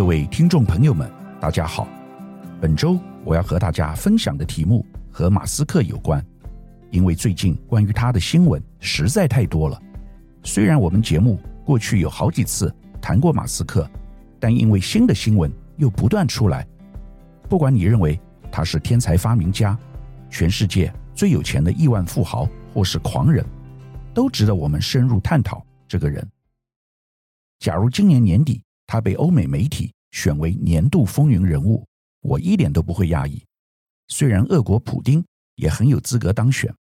各位聽眾朋友們，大家好。本周我要和大家分享的題目和馬斯克有關，因為最近關於他的新聞實在太多了。雖然我們節目過去有好幾次談過馬斯克，但因為新的新聞又不斷出來，不管你認為他是天才發明家、全世界最有錢的億萬富豪，或是狂人，都值得我們深入探討這個人。假如今年年底，他被歐美媒體選為年度風雲人物，我一點都不會訝異。雖然俄國普丁也很有資格當選，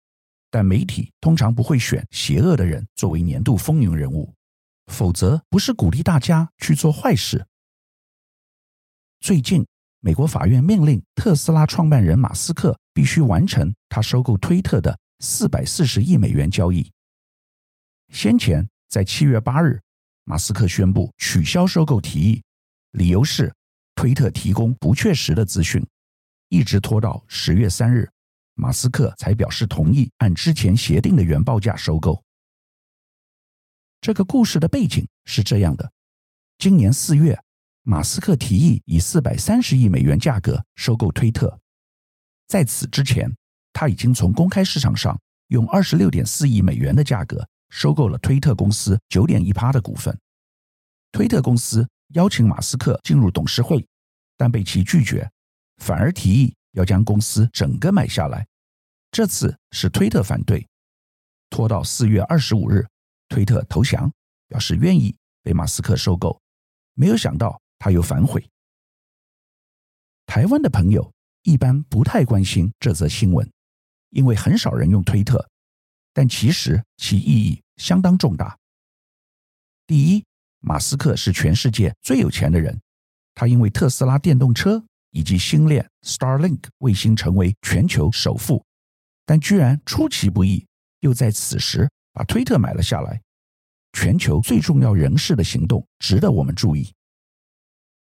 但媒體通常不會選邪惡的人作為年度風雲人物，否則不是鼓勵大家去做壞事？最近，美國法院命令特斯拉創辦人馬斯克必須完成他收購推特的四百四十億美元交易。先前在七月八日。馬斯克宣布取消收購提議，理由是推特提供不確實的資訊，一直拖到十月三日，馬斯克才表示同意按之前協定的原報價收購。這個故事的背景是這樣的：今年四月，馬斯克提議以四百三十億美元價格收購推特，在此之前，他已經從公開市場上用二十六點四億美元的價格。收購了推特公司九點一趴的股份。推特公司邀請馬斯克進入董事會，但被其拒絕，反而提議要將公司整個買下來。這次是推特反對，拖到四月二十五日，推特投降，表示願意被馬斯克收購。沒有想到他又反悔。台灣的朋友一般不太關心這則新聞，因為很少人用推特。但其實其意義相當重大。第一，馬斯克是全世界最有錢的人，他因為特斯拉電動車以及星鏈 Starlink 衛星成為全球首富，但居然出其不意，又在此時把推特買了下來。全球最重要人士的行動值得我們注意。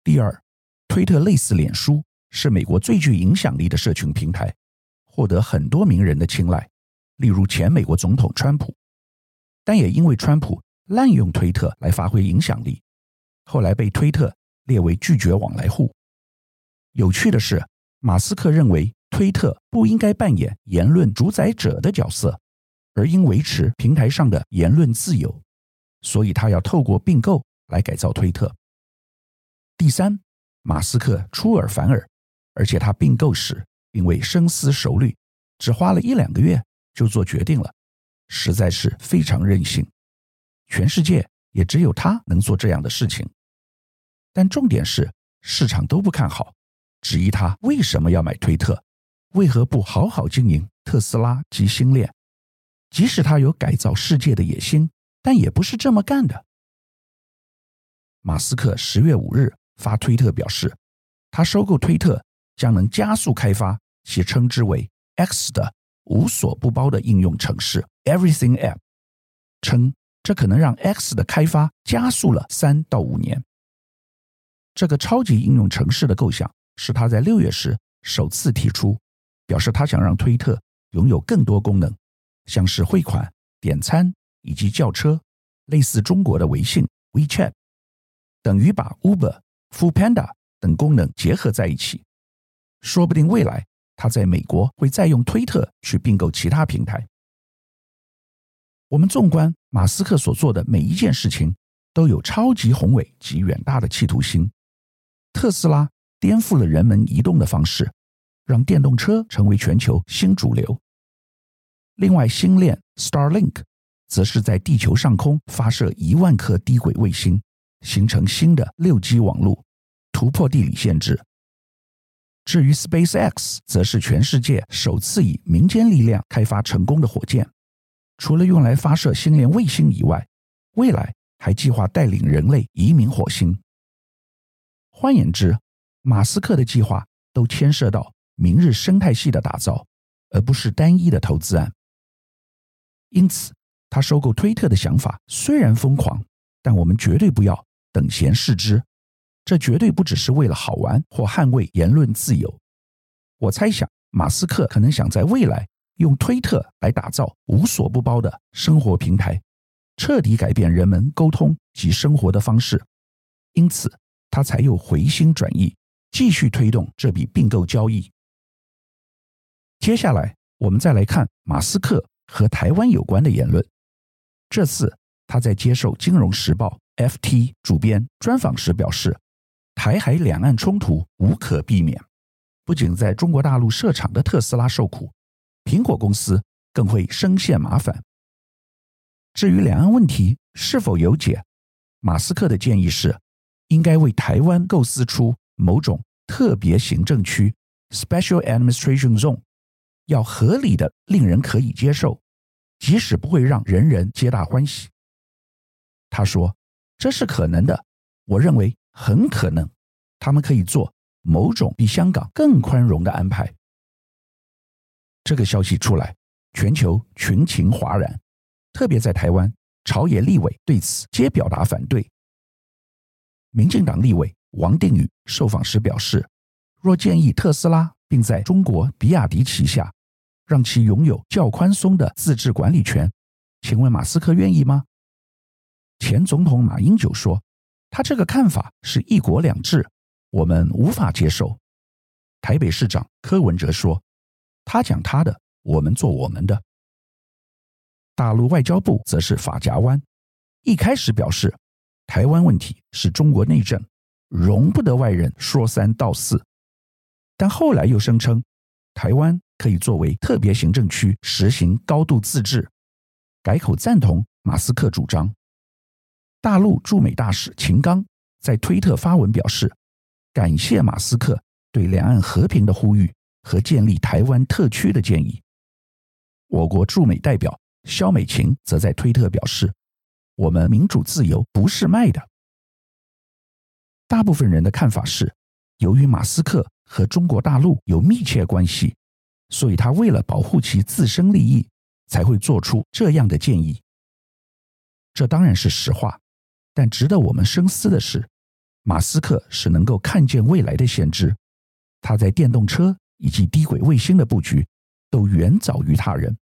第二，推特類似臉書，是美國最具影響力的社群平台，獲得很多名人的青睞。例如前美國總統川普，但也因為川普濫用推特來發揮影響力，後來被推特列為拒絕往來戶。有趣的是，馬斯克認為推特不應該扮演言論主宰者的角色，而應維持平台上的言論自由，所以他要透過併購來改造推特。第三，馬斯克出爾反爾，而且他併購時並未深思熟慮，只花了一兩個月，就做決定了，實在是非常任性。全世界也只有他能做這樣的事情。但重點是市場都不看好，質疑他為什麼要買推特，為何不好好經營特斯拉及星鏈？即使他有改造世界的野心，但也不是這麼幹的。馬斯克十月五日發推特表示，他收購推特將能加速開發其稱之為 X 的無所不包的應用程式 Everything App 稱，這可能讓 X 的開發加速了三到五年。這個超級應用程式的構想是他在六月時首次提出，表示他想讓推特擁有更多功能，像是匯款、點餐以及叫車，類似中國的微信 WeChat，等於把 Uber、Food Panda 等功能結合在一起。說不定未來。他在美國會再用推特去併購其他平台。我們縱觀馬斯克所做的每一件事情，都有超級宏偉及遠大的企圖心。特斯拉顛覆了人們移動的方式，讓電動車成為全球新主流。另外，星鏈 Starlink 則是在地球上空發射一萬顆低軌衛星，形成新的六 G 網絡，突破地理限制。至於 SpaceX，則是全世界首次以民間力量開發成功的火箭。除了用來發射星鏈衛星以外，未來還計劃帶領人類移民火星。換言之，馬斯克的計劃都牽涉到明日生態系的打造，而不是單一的投資案。因此，他收購推特的想法雖然瘋狂，但我們絕對不要等閒視之。這絕對不只是為了好玩或捍衛言論自由。我猜想，馬斯克可能想在未來用推特來打造無所不包的生活平台，徹底改變人們溝通及生活的方式。因此，他才又回心轉意，繼續推動這筆併購交易。接下來，我們再來看馬斯克和台灣有關的言論。這次，他在接受《金融時報》（FT） 主編專訪時表示。台海兩岸衝突無可避免，不僅在中國大陸設廠的特斯拉受苦，蘋果公司更會深陷麻煩。至於兩岸問題是否有解，馬斯克的建議是，應該為台灣構思出某種特別行政區 （Special Administration Zone），要合理的、令人可以接受，即使不會讓人人皆大歡喜。他說：“這是可能的，我認為。”很可能，他們可以做某種比香港更寬容的安排。這個消息出來，全球群情譁然，特別在台灣，朝野立委對此皆表達反對。民進黨立委王定宇受訪時表示：“若建議特斯拉併在中國比亞迪旗下，讓其擁有較寬鬆的自治管理權，請問馬斯克願意嗎？”前總統馬英九說。他這個看法是一國兩制，我們無法接受。台北市長柯文哲說：“他講他的，我們做我們的。”大陸外交部則是髮夾彎，一開始表示台灣問題是中國內政，容不得外人說三道四，但後來又聲稱台灣可以作為特別行政區實行高度自治，改口贊同馬斯克主張。大陸駐美大使秦剛在推特發文表示，感謝馬斯克對兩岸和平的呼籲和建立台灣特區的建議。我國駐美代表肖美琴則在推特表示：“我們民主自由不是賣的。”大部分人的看法是，由於馬斯克和中國大陸有密切關係，所以他為了保護其自身利益，才會做出這樣的建議。這當然是實話。但值得我們深思的是，馬斯克是能夠看見未來的先知，他在電動車以及低軌衛星的布局都遠早於他人。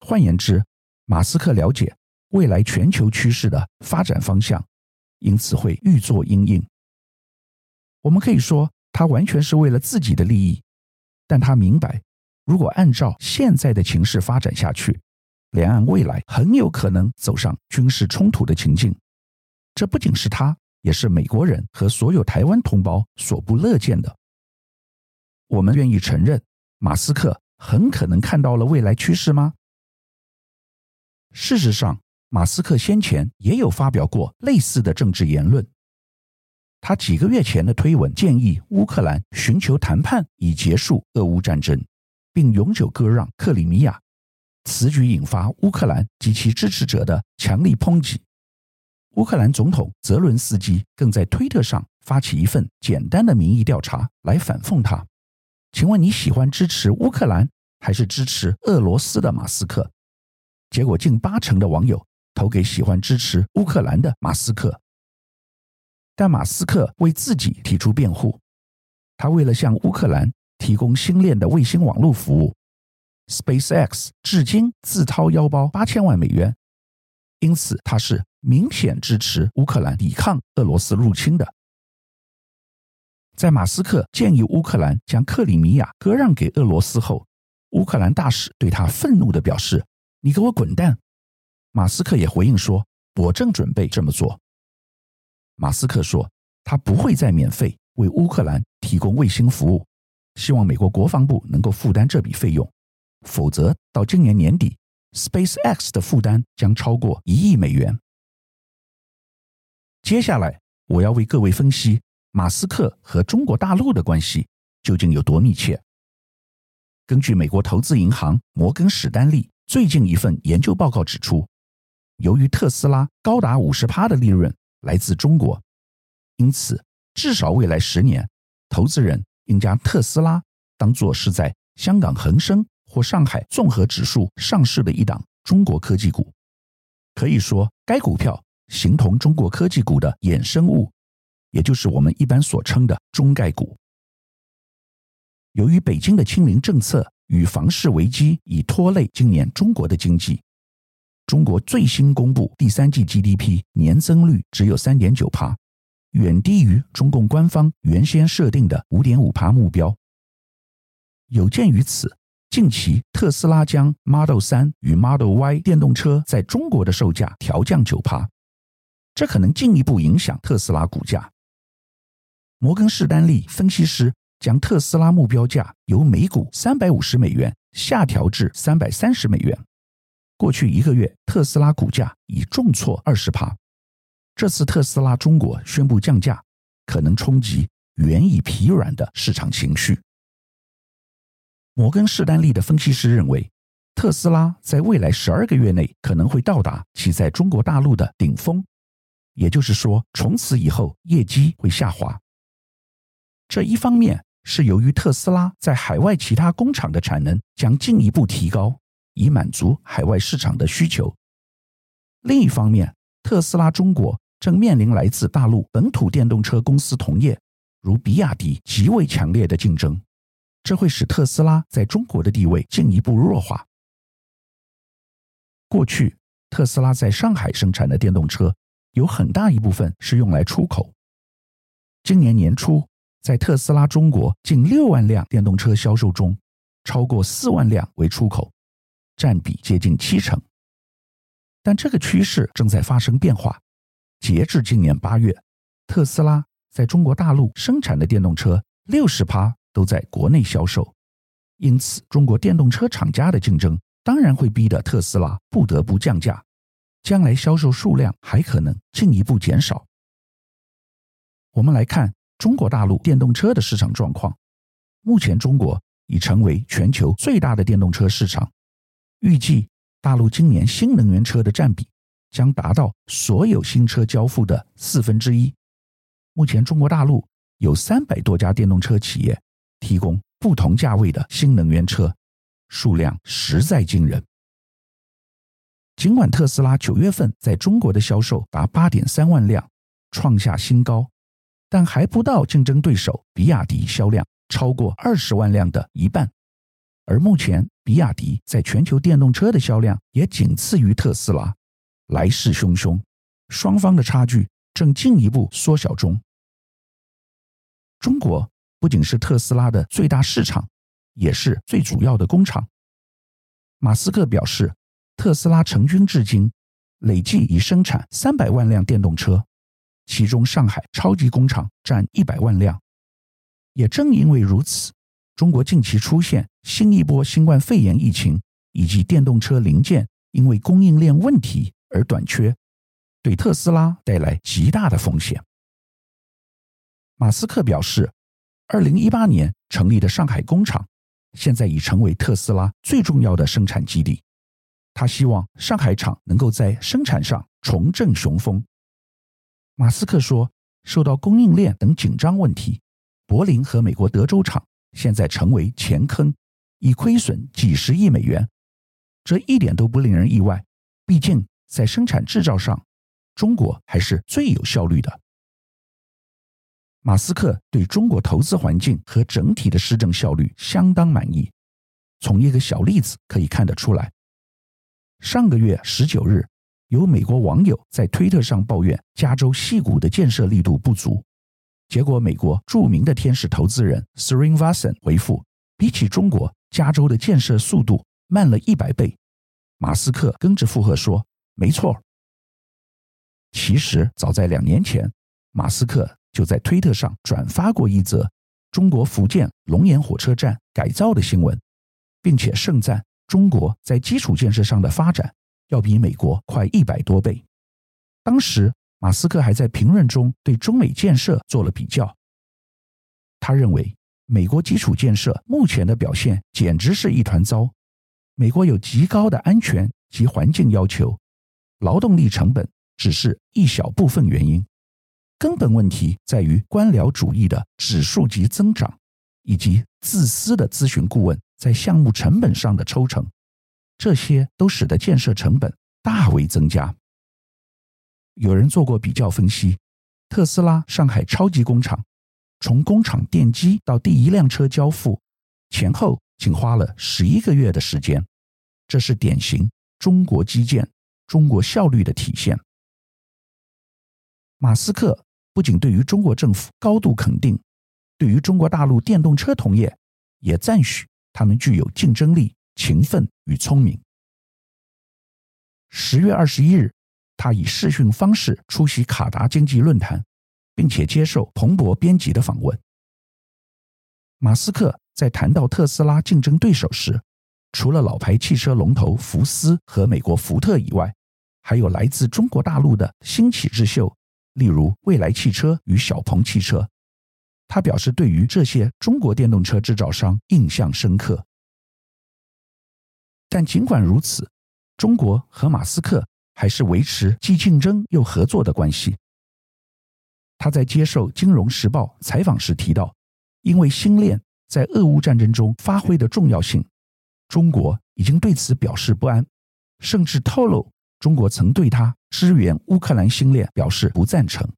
換言之，馬斯克了解未來全球趨勢的發展方向，因此會預作因應。我們可以說，他完全是為了自己的利益，但他明白，如果按照現在的形勢發展下去。兩岸未來很有可能走上軍事衝突的情境，這不僅是他，也是美國人和所有台灣同胞所不樂見的。我們願意承認，馬斯克很可能看到了未來趨勢嗎？事實上，馬斯克先前也有發表過類似的政治言論。他幾個月前的推文建議烏克蘭尋求談判以結束俄烏戰爭，並永久割讓克里米亞。此舉引發烏克蘭及其支持者的強力抨擊。烏克蘭總統澤倫斯基更在推特上發起一份簡單的民意調查來反諷他：“請問你喜歡支持烏克蘭還是支持俄羅斯的馬斯克？”結果近八成的網友投給喜歡支持烏克蘭的馬斯克。但馬斯克為自己提出辯護，他為了向烏克蘭提供星鏈的衛星網絡服務。SpaceX 至今自掏腰包八千萬美元，因此他是明顯支持烏克蘭抵抗俄羅斯入侵的。在馬斯克建議烏克蘭將克里米亞割讓給俄羅斯後，烏克蘭大使對他憤怒地表示：“你給我滾蛋！”馬斯克也回應說：“我正準備這麼做。”馬斯克說，他不會再免費為烏克蘭提供衛星服務，希望美國國防部能夠負擔這筆費用。否則，到今年年底，SpaceX 的負擔將超過一億美元。接下來，我要為各位分析馬斯克和中國大陸的關係究竟有多密切。根據美國投資銀行摩根史丹利最近一份研究報告指出，由於特斯拉高達五十趴的利潤來自中國，因此至少未來十年，投資人應將特斯拉當作是在香港恆生。或上海綜合指數上市的一檔中國科技股，可以說該股票形同中國科技股的衍生物，也就是我們一般所稱的中概股。由於北京的清零政策與房市危機已拖累今年中國的經濟，中國最新公布第三季 GDP 年增率只有三點九趴，遠低於中共官方原先設定的五點五趴目標。有鑑於此。近期，特斯拉將 Model 三與 Model Y 電動車在中國的售價調降九趴，這可能進一步影響特斯拉股價。摩根士丹利分析師將特斯拉目標價由每股三百五十美元下調至三百三十美元。過去一個月，特斯拉股價已重挫二十趴。這次特斯拉中國宣布降價，可能衝擊原已疲軟的市場情緒。摩根士丹利的分析師認為，特斯拉在未來十二個月內可能會到達其在中國大陸的頂峰，也就是說，從此以後業績會下滑。這一方面是由於特斯拉在海外其他工廠的產能將進一步提高，以滿足海外市場的需求；另一方面，特斯拉中國正面臨來自大陸本土電動車公司同業，如比亞迪，極為強烈的競爭。這會使特斯拉在中國的地位進一步弱化。過去，特斯拉在上海生產的電動車有很大一部分是用來出口。今年年初，在特斯拉中國近六萬輛電動車銷售中，超過四萬輛為出口，占比接近七成。但這個趨勢正在發生變化。截至今年八月，特斯拉在中國大陸生產的電動車六十趴，都在國內銷售，因此中國電動車廠家的競爭當然會逼得特斯拉不得不降價，將來銷售數量還可能進一步減少。我們來看中國大陸電動車的市場狀況，目前中國已成為全球最大的電動車市場，預計大陸今年新能源車的占比將達到所有新車交付的四分之一。目前中國大陸有三百多家電動車企業，提供不同價位的新能源車，數量實在驚人。儘管特斯拉九月份在中國的銷售達八點三萬輛，創下新高，但還不到競爭對手比亞迪銷量超過二十萬輛的一半。而目前，比亞迪在全球電動車的銷量也僅次於特斯拉，來勢洶洶，雙方的差距正進一步縮小中。中國不僅是特斯拉的最大市場，也是最主要的工廠。馬斯克表示，特斯拉成軍至今，累計已生產三百萬輛電動車，其中上海超級工廠佔一百萬輛。也正因為如此，中國近期出現新一波新冠肺炎疫情，以及電動車零件因為供應鏈問題而短缺，對特斯拉帶來極大的風險。馬斯克表示，二零一八年成立的上海工廠，現在已成為特斯拉最重要的生產基地。他希望上海廠能夠在生產上重振雄風。馬斯克說：“受到供應鏈等緊張問題，柏林和美國德州廠現在成為錢坑，已虧損幾十億美元。這一點都不令人意外，畢竟在生產製造上，中國還是最有效率的。”馬斯克對中國投資環境和整體的施政效率相當滿意。從一個小例子可以看得出來，上個月十九日，有美國網友在推特上抱怨加州矽谷的建設力度不足，結果美國著名的天使投資人 Srinivasan 回復：“比起中國，加州的建設速度慢了一百倍。”馬斯克跟着附和說：“沒錯。”其實早在兩年前，馬斯克，就在推特上轉發過一則中國福建龍岩火車站改造的新聞，並且盛讚中國在基礎建設上的發展要比美國快一百多倍。當時，馬斯克還在評論中對中美建設做了比較。他認為，美國基礎建設目前的表現簡直是一團糟，美國有極高的安全及環境要求，勞動力成本只是一小部分原因。根本問題在於官僚主義的指數級增長，以及自私的諮詢顧問在項目成本上的抽成，這些都使得建設成本大為增加。有人做過比較分析，特斯拉上海超級工廠從工廠奠基到第一輛車交付，前後僅花了十一個月的時間，這是典型中國基建、中國效率的體現。馬斯克不僅對於中國政府高度肯定，對於中國大陸電動車同業也讚許他們具有競爭力、勤奮與聰明。十月二十一日，他以視訊方式出席卡達經濟論壇，並且接受彭博編輯的訪問。馬斯克在談到特斯拉競爭對手時，除了老牌汽車龍頭福斯和美國福特以外，還有來自中國大陸的新起之秀。例如，蔚來汽車與小鵬汽車，他表示對於這些中國電動車製造商印象深刻。但儘管如此，中國和馬斯克還是維持既競爭又合作的關係。他在接受《金融時報》採訪時提到，因為星鏈在俄烏戰爭中發揮的重要性，中國已經對此表示不安，甚至透露。中國曾對他支援烏克蘭星鏈表示不贊成，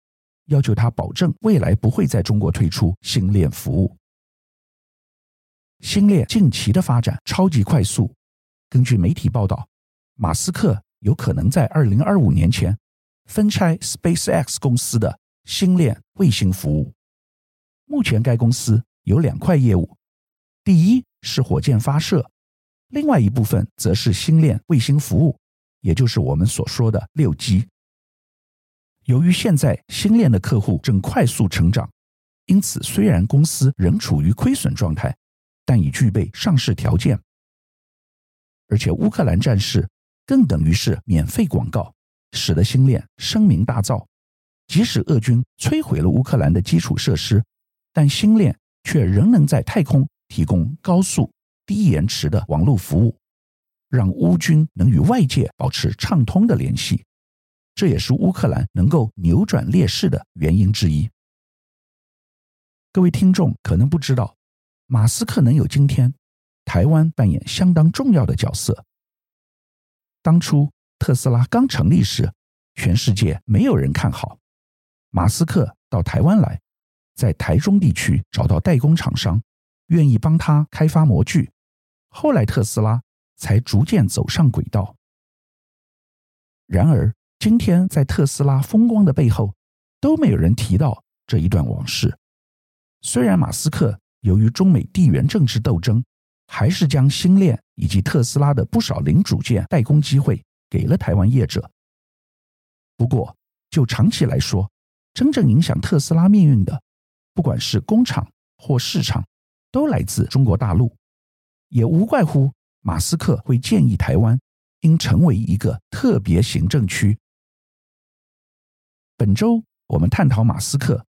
要求他保證未來不會在中國推出星鏈服務。星鏈近期的發展超級快速，根據媒體報道，馬斯克有可能在二零二五年前分拆 SpaceX 公司的星鏈衛星服務。目前該公司有兩塊業務，第一是火箭發射，另外一部分則是星鏈衛星服務。也就是我們所說的六 G。由於現在星鏈的客戶正快速成長，因此雖然公司仍處於虧損狀態，但已具備上市條件。而且烏克蘭戰事更等於是免費廣告，使得星鏈聲名大噪。即使俄軍摧毀了烏克蘭的基礎設施，但星鏈卻仍能在太空提供高速、低延遲的網絡服務。讓烏軍能與外界保持暢通的聯繫，這也是烏克蘭能夠扭轉劣勢的原因之一。各位聽眾可能不知道，馬斯克能有今天，台灣扮演相當重要的角色。當初特斯拉剛成立時，全世界沒有人看好，馬斯克到台灣來，在台中地區找到代工廠商，願意幫他開發模具。後來特斯拉，才逐漸走上軌道。然而，今天在特斯拉風光的背後，都沒有人提到這一段往事。雖然馬斯克由於中美地緣政治鬥爭，還是將星鏈以及特斯拉的不少零組件代工機會給了台灣業者。不過，就長期來說，真正影響特斯拉命運的，不管是工廠或市場，都來自中國大陸，也無怪乎。馬斯克會建議台灣應成為一個特別行政區。本周我們探討馬斯克，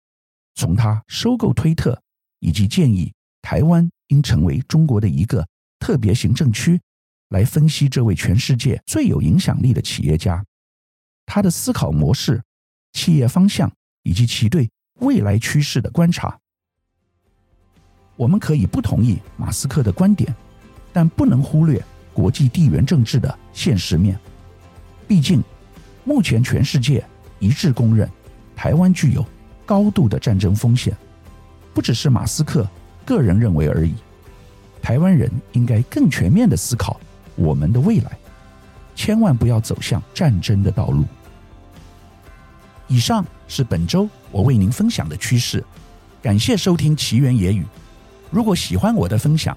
從他收購推特，以及建議台灣應成為中國的一個特別行政區，來分析這位全世界最有影響力的企業家，他的思考模式、企業方向以及其對未來趨勢的觀察。我們可以不同意馬斯克的觀點。但不能忽略國際地緣政治的現實面，畢竟，目前全世界一致公認，台灣具有高度的戰爭風險，不只是馬斯克個人認為而已。台灣人應該更全面地思考我們的未來，千萬不要走向戰爭的道路。以上是本周我為您分享的趨勢，感謝收聽奇緣野語。如果喜歡我的分享，